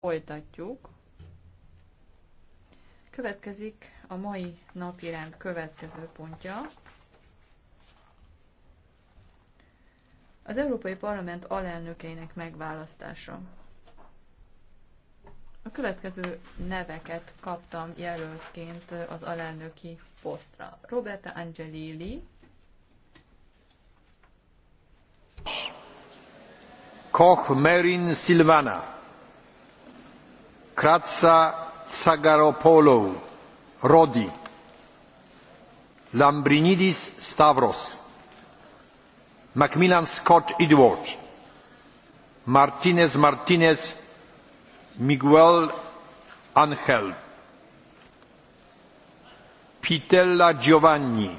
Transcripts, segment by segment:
Folytatjuk. Következik a mai napirend következő pontja. Az Európai Parlament alelnökeinek megválasztása. A következő neveket kaptam jelöltként az alelnöki posztra. Roberta Angelilli. Koch Merin Silvana. Kratsa Tsagaropoulou, Rodi, Lambrinidis Stavros, Macmillan Scott Edward, Martinez Martinez, Miguel Angel, Pitella Giovanni,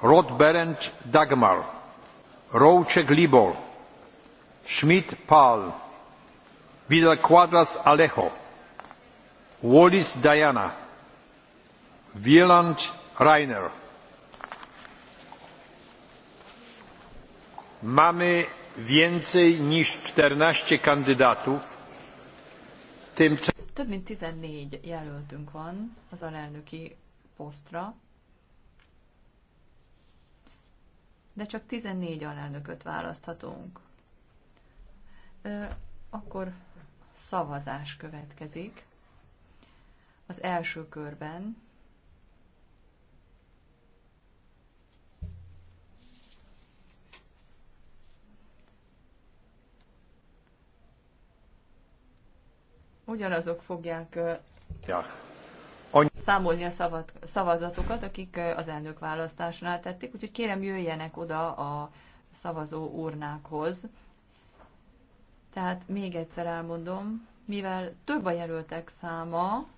Rodberent Dagmar, Rouček Libor, Schmidt Paul, Vidal Quadras Alejo, Wallis Diana, Wieland Reiner. Mamy więcej niż 14 kandydatów. Tym... Több mint 14 jelöltünk van az alelnöki posztra, de csak 14 alelnököt választhatunk. Ö, akkor szavazás következik az első körben ugyanazok fogják ja. Any- számolni a szavad, szavazatokat, akik az elnök választásnál tették, úgyhogy kérem jöjjenek oda a szavazó urnákhoz. Tehát még egyszer elmondom, mivel több a jelöltek száma,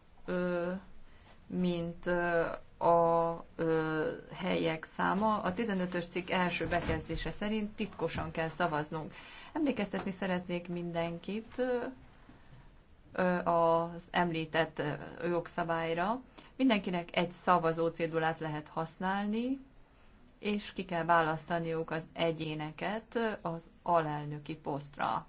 mint a helyek száma. A 15-ös cikk első bekezdése szerint titkosan kell szavaznunk. Emlékeztetni szeretnék mindenkit az említett jogszabályra. Mindenkinek egy szavazó cédulát lehet használni, és ki kell választaniuk az egyéneket az alelnöki posztra.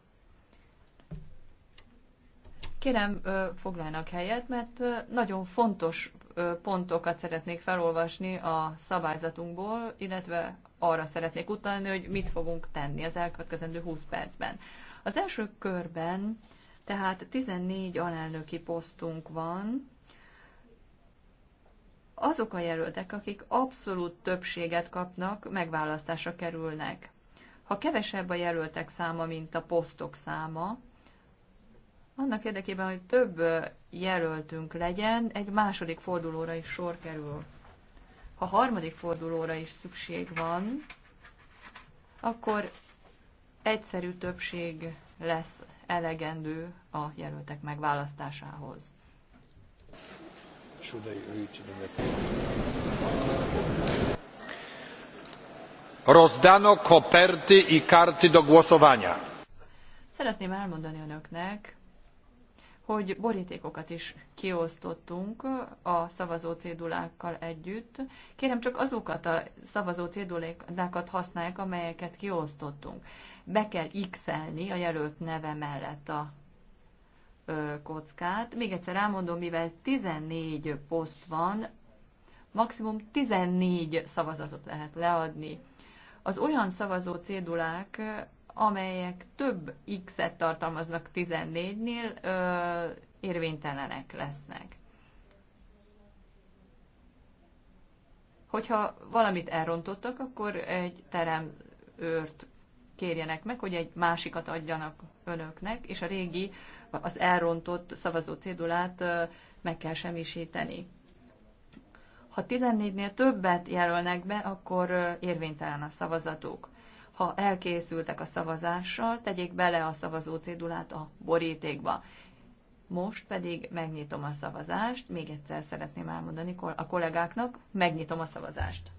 Kérem, foglalnak helyet, mert nagyon fontos pontokat szeretnék felolvasni a szabályzatunkból, illetve arra szeretnék utalni, hogy mit fogunk tenni az elkövetkezendő 20 percben. Az első körben tehát 14 alelnöki posztunk van, azok a jelöltek, akik abszolút többséget kapnak, megválasztásra kerülnek. Ha kevesebb a jelöltek száma, mint a posztok száma, annak érdekében, hogy több jelöltünk legyen, egy második fordulóra is sor kerül. Ha harmadik fordulóra is szükség van, akkor egyszerű többség lesz elegendő a jelöltek megválasztásához. Rozdano koperty i karty do głosowania. Szeretném elmondani önöknek, hogy borítékokat is kiosztottunk a szavazó cédulákkal együtt. Kérem, csak azokat a szavazó cédulákat használják, amelyeket kiosztottunk. Be kell x-elni a jelölt neve mellett a ö, kockát. Még egyszer elmondom, mivel 14 poszt van, maximum 14 szavazatot lehet leadni. Az olyan szavazó cédulák, amelyek több X-et tartalmaznak 14-nél, érvénytelenek lesznek. Hogyha valamit elrontottak, akkor egy teremőrt kérjenek meg, hogy egy másikat adjanak önöknek, és a régi, az elrontott szavazó cédulát meg kell semmisíteni. Ha 14-nél többet jelölnek be, akkor érvénytelen a szavazatuk ha elkészültek a szavazással, tegyék bele a szavazó cédulát a borítékba. Most pedig megnyitom a szavazást, még egyszer szeretném elmondani a kollégáknak, megnyitom a szavazást.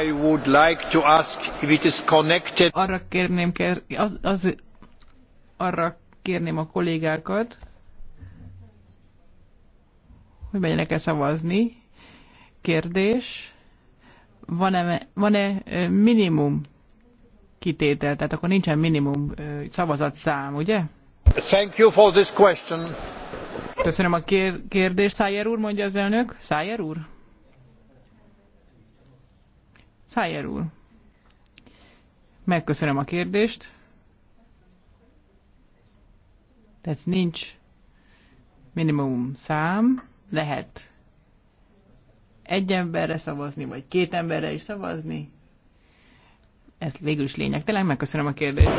I would like to ask if it is connected. Arra kérném, kér, az, az, arra kérném a kollégákat, hogy menjenek e szavazni. Kérdés, van-e, van-e minimum kitétel, tehát akkor nincsen minimum szavazatszám, ugye? Thank you for this question. Köszönöm a kér- kérdést, Szájer úr, mondja az elnök. Szájer úr? Szájer úr, megköszönöm a kérdést. Tehát nincs minimum szám, lehet egy emberre szavazni, vagy két emberre is szavazni. Ez végül is lényegtelen, megköszönöm a kérdést.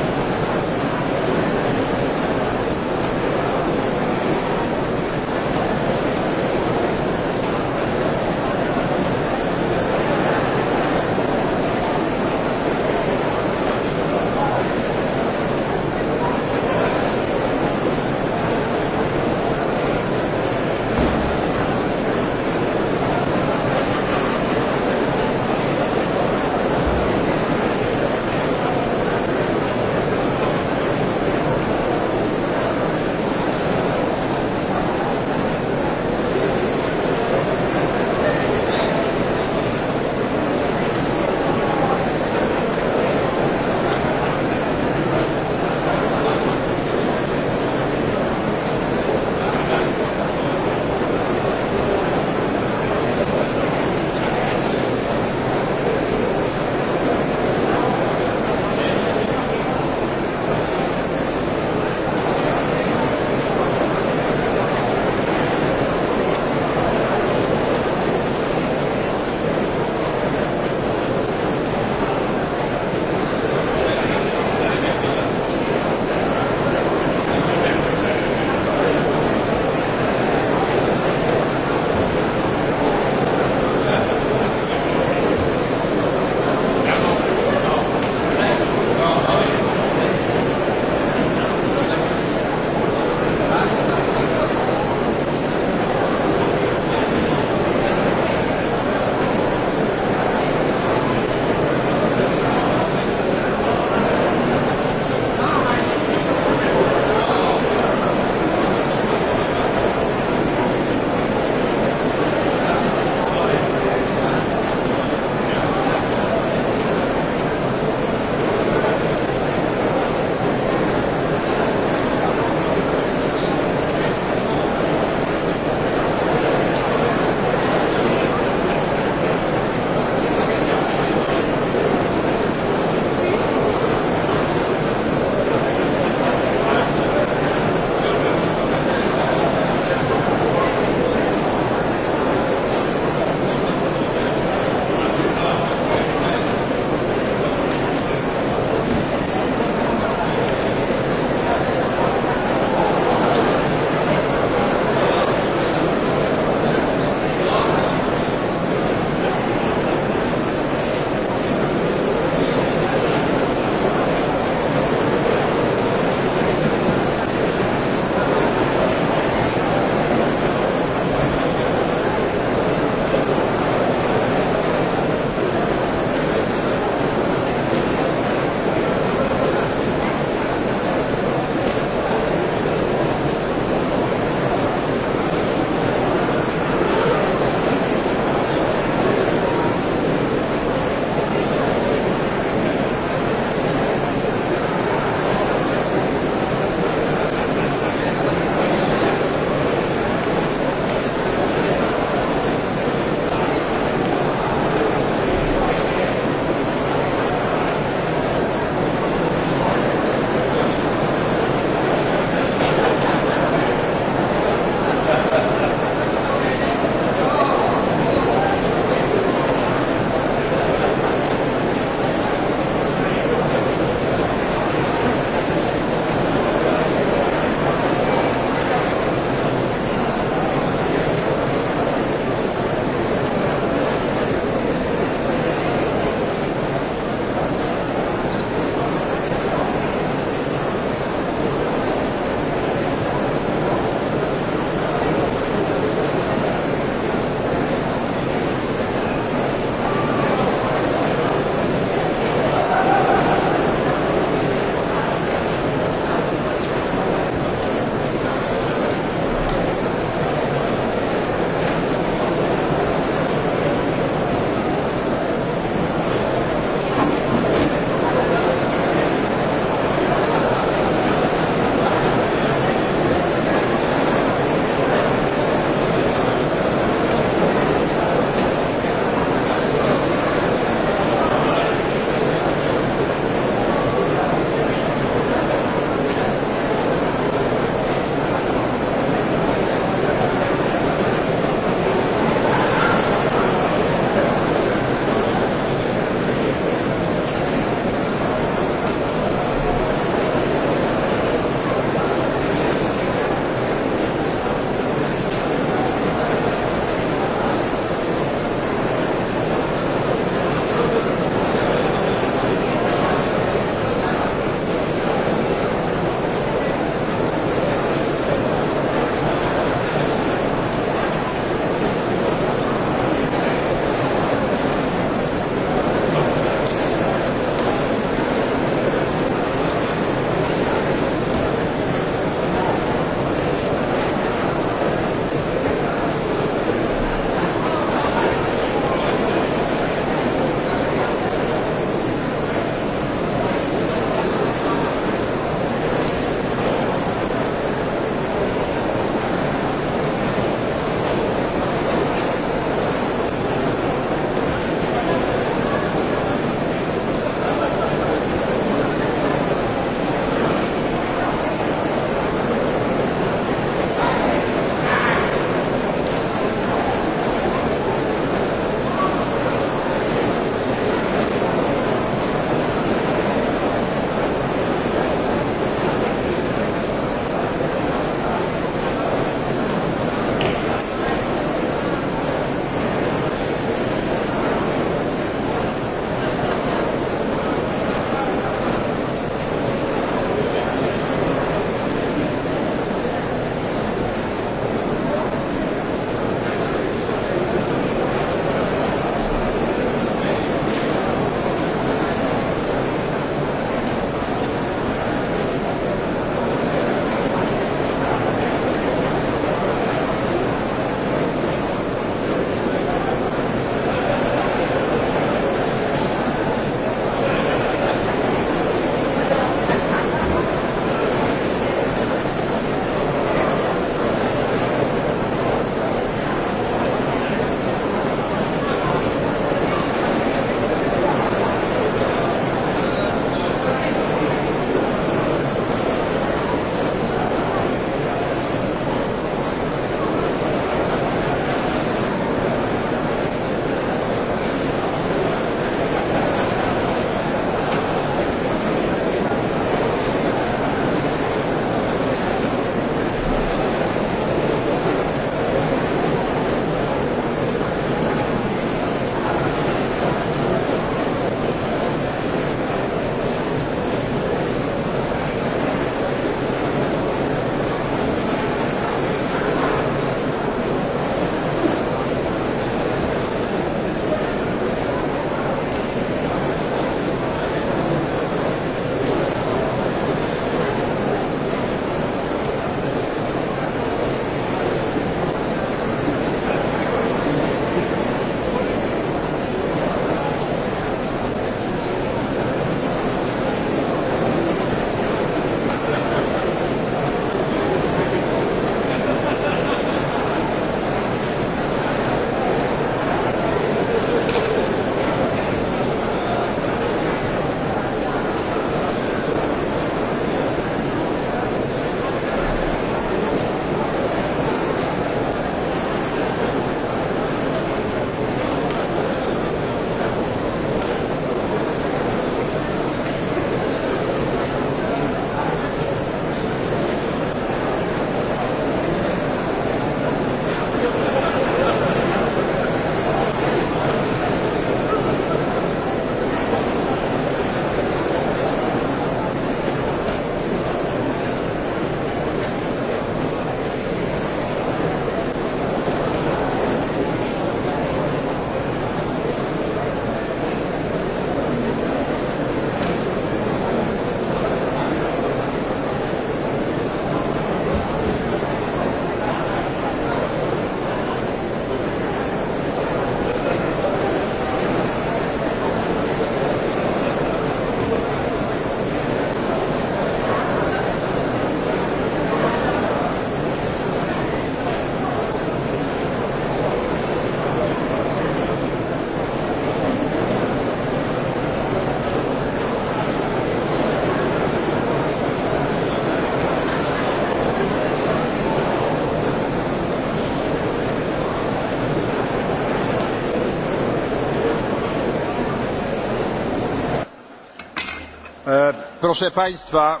Proszę Państwa,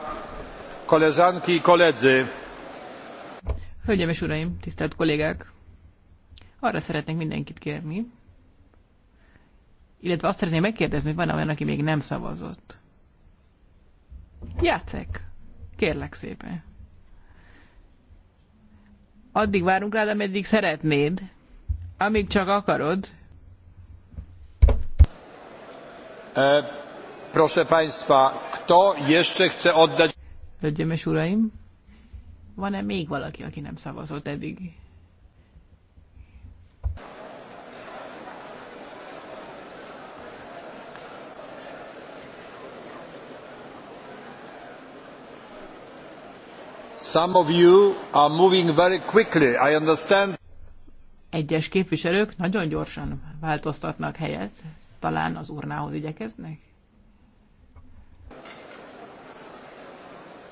koleżanki i koledzy. Hölgyeim és Uraim, tisztelt kollégák! Arra szeretnék mindenkit kérni, illetve azt szeretném megkérdezni, hogy van olyan, aki még nem szavazott. Játszek! Kérlek szépen! Addig várunk rád, ameddig szeretnéd, amíg csak akarod. Proszę Państwa, kto jeszcze chce oddać... Hölgyeim Uraim, van-e még valaki, aki nem szavazott eddig? Some of you are moving very quickly, I understand. Egyes képviselők nagyon gyorsan változtatnak helyet, talán az urnához igyekeznek?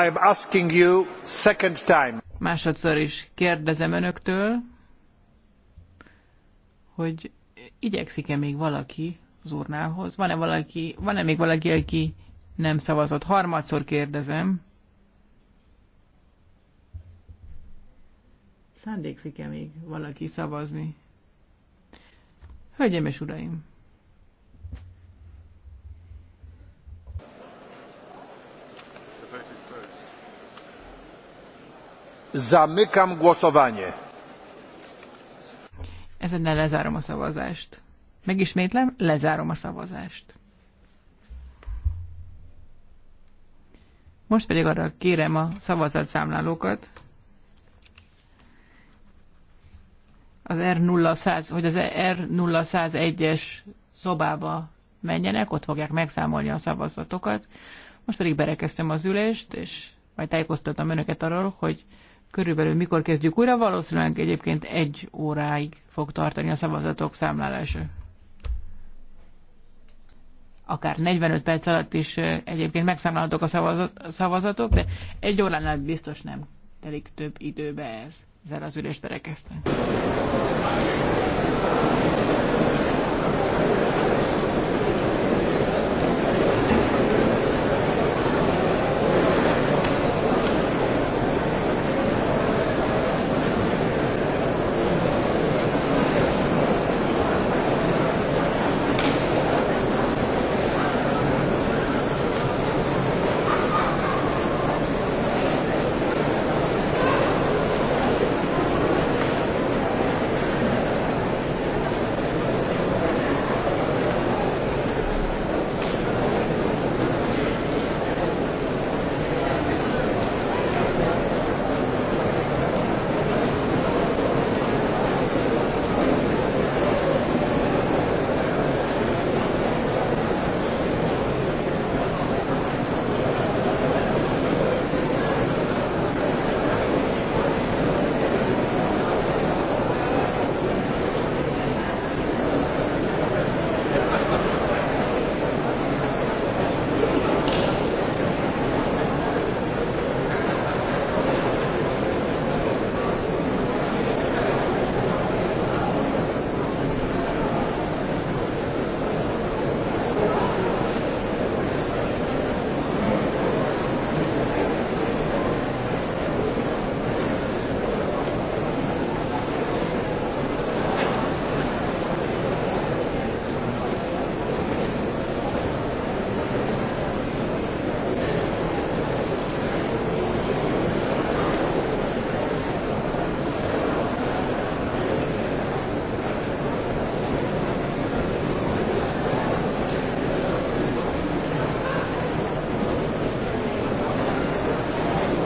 I am asking you second time. Másodszor is kérdezem önöktől, hogy igyekszik-e még valaki az urnához? Van-e, valaki, van-e még valaki, aki nem szavazott? Harmadszor kérdezem. Szándékszik-e még valaki szavazni? Hölgyeim és uraim! Zamykam głosowanie. Ezennel lezárom a szavazást. Megismétlem, lezárom a szavazást. Most pedig arra kérem a szavazatszámlálókat, az R0100, hogy az R0101-es szobába menjenek, ott fogják megszámolni a szavazatokat. Most pedig berekeztem az ülést, és majd tájékoztatom önöket arról, hogy körülbelül mikor kezdjük újra, valószínűleg egyébként egy óráig fog tartani a szavazatok számlálása. Akár 45 perc alatt is egyébként megszámlálhatók a szavazatok, de egy óránál biztos nem telik több időbe ez. Ezzel az ülést berekeztem.